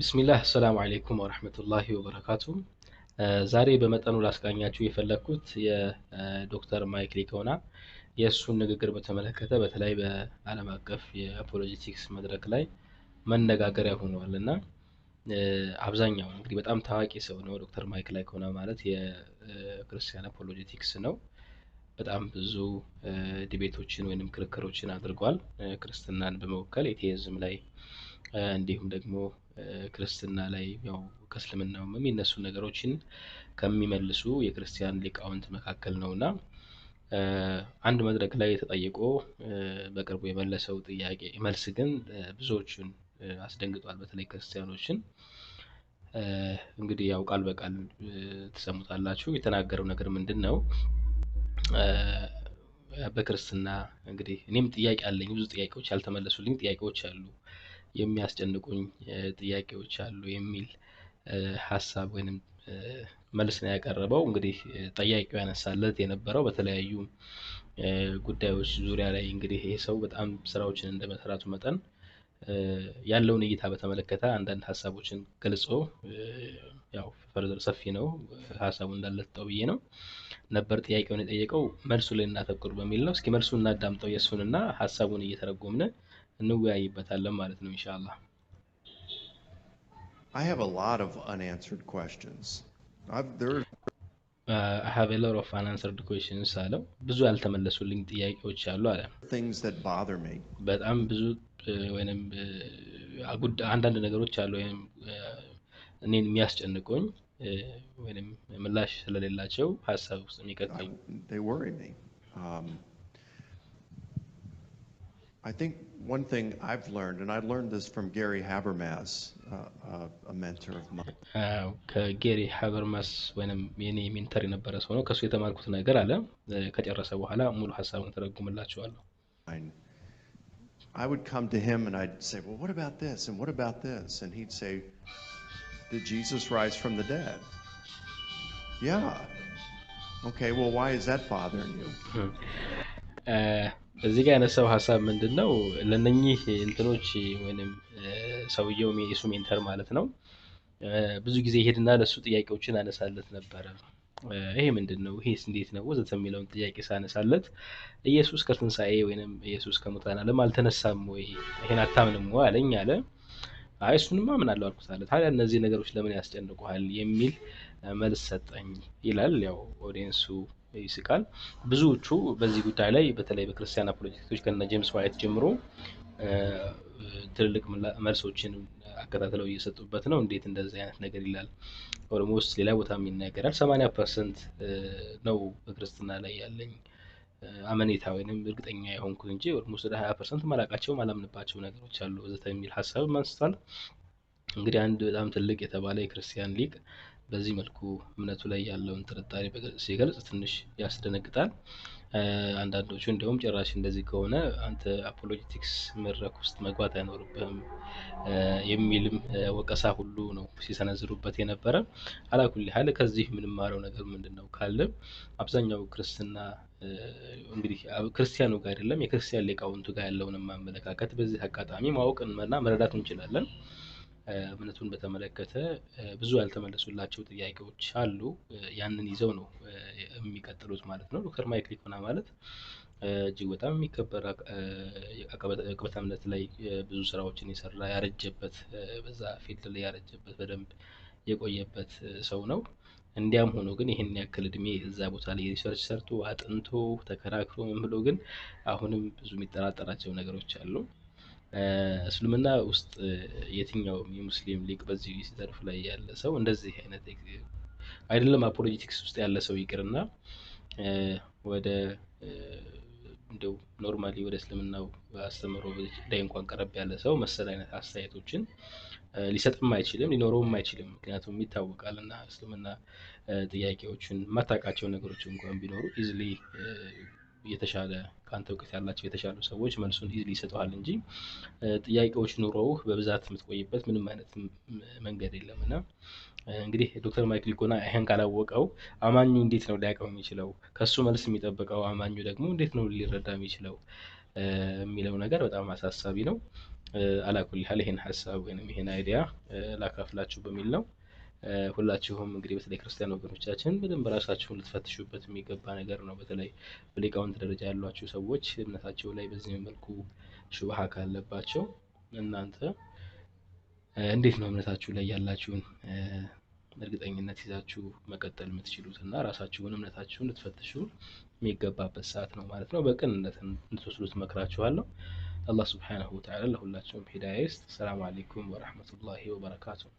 ቢስሚላህ አሰላሙ አሌይኩም ወረህመቱላሂ ወበረካቱ። ዛሬ በመጠኑ ላስቃኛችሁ የፈለግኩት የዶክተር ማይክል ሊኮና የእሱን ንግግር በተመለከተ በተለይ በዓለም አቀፍ የፖለቲክስ መድረክ ላይ መነጋገሪያ ሆነዋል እና አብዛኛው እንግዲህ በጣም ታዋቂ ሰው ነው ዶክተር ማይክል ሊኮና ማለት የክርስቲያን አፖሎጂቲክስ ነው። በጣም ብዙ ዲቤቶችን ወይም ክርክሮችን አድርጓል ክርስትናን በመወከል ኤቴዝም ላይ እንዲሁም ደግሞ ክርስትና ላይ ያው ከእስልምናውም የሚነሱ ነገሮችን ከሚመልሱ የክርስቲያን ሊቃውንት መካከል ነውና አንድ መድረክ ላይ ተጠይቆ በቅርቡ የመለሰው ጥያቄ መልስ ግን ብዙዎቹን አስደንግጧል። በተለይ ክርስቲያኖችን እንግዲህ ያው ቃል በቃል ትሰሙታላችሁ። የተናገረው ነገር ምንድን ነው? በክርስትና እንግዲህ እኔም ጥያቄ አለኝ። ብዙ ጥያቄዎች ያልተመለሱልኝ ጥያቄዎች አሉ። የሚያስጨንቁኝ ጥያቄዎች አሉ የሚል ሀሳብ ወይንም መልስ ነው ያቀረበው። እንግዲህ ጠያቂው ያነሳለት የነበረው በተለያዩ ጉዳዮች ዙሪያ ላይ እንግዲህ ይሄ ሰው በጣም ስራዎችን እንደ እንደመስራቱ መጠን ያለውን እይታ በተመለከተ አንዳንድ ሀሳቦችን ገልጾ ያው ፈርዘር ሰፊ ነው ሀሳቡ እንዳለጠው ብዬ ነው ነበር ጥያቄውን የጠየቀው መልሱ ላይ እናተኩር በሚል ነው። እስኪ መልሱ እናዳምጠው የእሱን እና ሀሳቡን እየተረጎምን እንወያይበታለን ማለት ነው እንሻላ I have a lot of unanswered questions. I've, there uh, I have a lot of unanswered questions ብዙ ያልተመለሱልኝ ጥያቄዎች አሉ አለ። Things that bother me. በጣም ብዙ uh, ወይንም uh, አንዳንድ ነገሮች አሉ ወይም uh, እኔን የሚያስጨንቁኝ ወይም ምላሽ ስለሌላቸው ሀሳብ ውስጥ የሚቀጥሉኝ I think one thing I've learned, and I learned this from Gary Habermas, uh, uh a mentor of mine. Uh, ከጌሪ ሀበርማስ ወይም የኔ ሜንተር የነበረ ሰው ነው። ከእሱ የተማርኩት ነገር አለ። uh, ከጨረሰ በኋላ ሙሉ ሀሳቡን ተረጉምላችኋለሁ። I would come to him and I'd say, Well, what about this? And what about this? And he'd say, Did Jesus rise from the dead? Yeah. Okay, well, why is that bothering you? Hmm. እዚህ ጋር ያነሳው ሀሳብ ምንድን ነው? ለነኚህ እንትኖች ወይም ሰውየው የሱ ሜንተር ማለት ነው ብዙ ጊዜ ሄድና ለሱ ጥያቄዎችን አነሳለት ነበረ። ይሄ ምንድን ነው? ይሄስ እንዴት ነው? ወዘተ የሚለውን ጥያቄ ሳነሳለት ኢየሱስ ከትንሣኤ ወይም ኢየሱስ ከሙታን ዓለም አልተነሳም ወይ ይሄን አታምንም ወይ አለኝ አለ። አይ እሱንማ አምናለሁ አልኩት አለ። ታዲያ እነዚህ ነገሮች ለምን ያስጨንቁሃል? የሚል መልስ ሰጠኝ ይላል ያው ኦዲየንሱ ይስቃል። ብዙዎቹ በዚህ ጉዳይ ላይ በተለይ በክርስቲያን አፖሎጂቲክሶች ከነ ጄምስ ዋይት ጀምሮ ትልልቅ መልሶችን አከታትለው እየሰጡበት ነው። እንዴት እንደዚህ አይነት ነገር ይላል። ኦልሞስት ሌላ ቦታም ይናገራል። ሰማንያ ፐርሰንት ነው በክርስትና ላይ ያለኝ አመኔታ ወይም እርግጠኛ የሆንኩት እንጂ ኦልሞስት ወደ ሀያ ፐርሰንት ማላቃቸው ማላምንባቸው ነገሮች አሉ ወዘተ የሚል ሀሳብ አንስቷል። እንግዲህ አንድ በጣም ትልቅ የተባለ የክርስቲያን ሊቅ በዚህ መልኩ እምነቱ ላይ ያለውን ጥርጣሬ ሲገልጽ ትንሽ ያስደነግጣል። አንዳንዶቹ እንዲሁም ጭራሽ እንደዚህ ከሆነ አንተ አፖሎጂቲክስ መድረክ ውስጥ መግባት አይኖርብህም የሚልም ወቀሳ ሁሉ ነው ሲሰነዝሩበት የነበረ። አላኩል ያህል ከዚህ የምንማረው ነገር ምንድን ነው ካለ አብዛኛው ክርስትና እንግዲህ ክርስቲያኑ ጋር አይደለም የክርስቲያን ሊቃውንቱ ጋር ያለውን አመለካከት በዚህ አጋጣሚ ማወቅና መረዳት እንችላለን። እምነቱን በተመለከተ ብዙ ያልተመለሱላቸው ጥያቄዎች አሉ። ያንን ይዘው ነው የሚቀጥሉት ማለት ነው። ዶክተር ማይክል ኢኮና ማለት እጅግ በጣም የሚከበር አቅበተ እምነት ላይ ብዙ ስራዎችን የሰራ ያረጀበት፣ በዛ ፊልድ ላይ ያረጀበት፣ በደንብ የቆየበት ሰው ነው። እንዲያም ሆኖ ግን ይህን ያክል እድሜ እዛ ቦታ ላይ ሪሰርች ሰርቶ አጥንቶ ተከራክሮ ምን ብሎ ግን አሁንም ብዙ የሚጠራጠራቸው ነገሮች አሉ። እስልምና ውስጥ የትኛውም የሙስሊም ሊቅ በዚህ ዘርፍ ላይ ያለ ሰው እንደዚህ አይነት አይደለም አፖሎጂቲክስ ውስጥ ያለ ሰው ይቅርና ወደ እንደው ኖርማሊ ወደ እስልምናው አስተምሮ ላይ እንኳን ቀረብ ያለ ሰው መሰል አይነት አስተያየቶችን ሊሰጥም አይችልም ሊኖረውም አይችልም። ምክንያቱም ይታወቃል እና እስልምና ጥያቄዎችን የማታውቃቸው ነገሮች እንኳን ቢኖሩ ኢዝሊ የተሻለ ከአንተ እውቀት ያላቸው የተሻሉ ሰዎች መልሱን ኢዝሊ ይሰጠዋል እንጂ ጥያቄዎች ኑሮውህ በብዛት የምትቆይበት ምንም አይነት መንገድ የለም እና እንግዲህ ዶክተር ማይክል ኮና ይህን ካላወቀው አማኙ እንዴት ነው ሊያውቀው የሚችለው? ከሱ መልስ የሚጠብቀው አማኙ ደግሞ እንዴት ነው ሊረዳ የሚችለው የሚለው ነገር በጣም አሳሳቢ ነው። አላኩል ይህን ሀሳብ ወይም ይህን አይዲያ ላካፍላችሁ በሚል ነው። ሁላችሁም እንግዲህ በተለይ ክርስቲያን ወገኖቻችን በደንብ ራሳችሁን ልትፈትሹበት የሚገባ ነገር ነው። በተለይ በሊቃውንት ደረጃ ያሏችሁ ሰዎች እምነታቸው ላይ በዚህ መልኩ ሹብሃ ካለባቸው እናንተ እንዴት ነው እምነታችሁ ላይ ያላችሁን እርግጠኝነት ይዛችሁ መቀጠል የምትችሉት እና ራሳችሁን እምነታችሁን ልትፈትሹ የሚገባበት ሰዓት ነው ማለት ነው። በቅንነት እንድትወስዱት መክራችኋለሁ። አላህ ስብሓነሁ ወተዓላ ለሁላችሁም ሂዳያ ይስጥ። ሰላም አለይኩም ወረሕመቱላሂ ወበረካቱ።